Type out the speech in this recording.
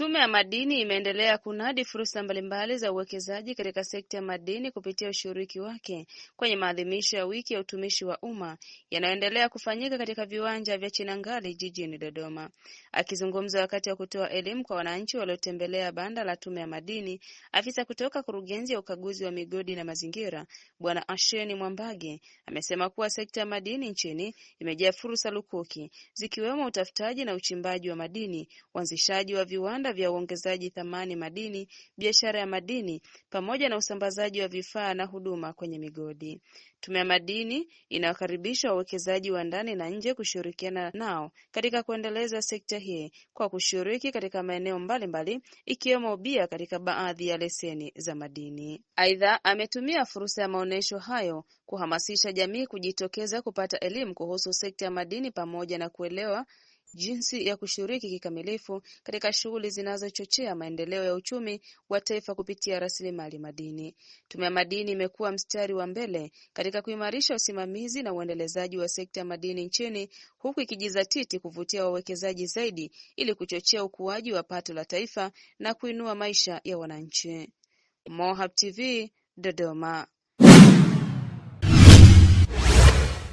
Tume ya Madini imeendelea kunadi fursa mbalimbali za uwekezaji katika sekta ya madini kupitia ushiriki wake kwenye maadhimisho ya wiki ya utumishi wa umma yanayoendelea kufanyika katika viwanja vya Chinangali jijini Dodoma. Akizungumza wakati wa kutoa elimu kwa wananchi waliotembelea banda la Tume ya Madini, afisa kutoka Kurugenzi ya Ukaguzi wa Migodi na Mazingira, Bwana Asheni Mwambage, amesema kuwa sekta ya madini nchini imejaa fursa lukuki zikiwemo utafutaji na uchimbaji wa madini, uanzishaji wa viwanda viwanda vya uongezaji thamani madini, biashara ya madini pamoja na usambazaji wa vifaa na huduma kwenye migodi. Tume ya Madini inawakaribisha wawekezaji wa ndani na nje kushirikiana nao katika kuendeleza sekta hii kwa kushiriki katika maeneo mbalimbali ikiwemo ubia katika baadhi ya leseni za madini. Aidha, ametumia fursa ya maonyesho hayo kuhamasisha jamii kujitokeza kupata elimu kuhusu sekta ya madini pamoja na kuelewa jinsi ya kushiriki kikamilifu katika shughuli zinazochochea maendeleo ya uchumi wa taifa kupitia rasilimali madini. Tume ya Madini imekuwa mstari wa mbele katika kuimarisha usimamizi na uendelezaji wa sekta ya madini nchini, huku ikijizatiti kuvutia wawekezaji zaidi ili kuchochea ukuaji wa pato la taifa na kuinua maisha ya wananchi. MOHAB TV, Dodoma.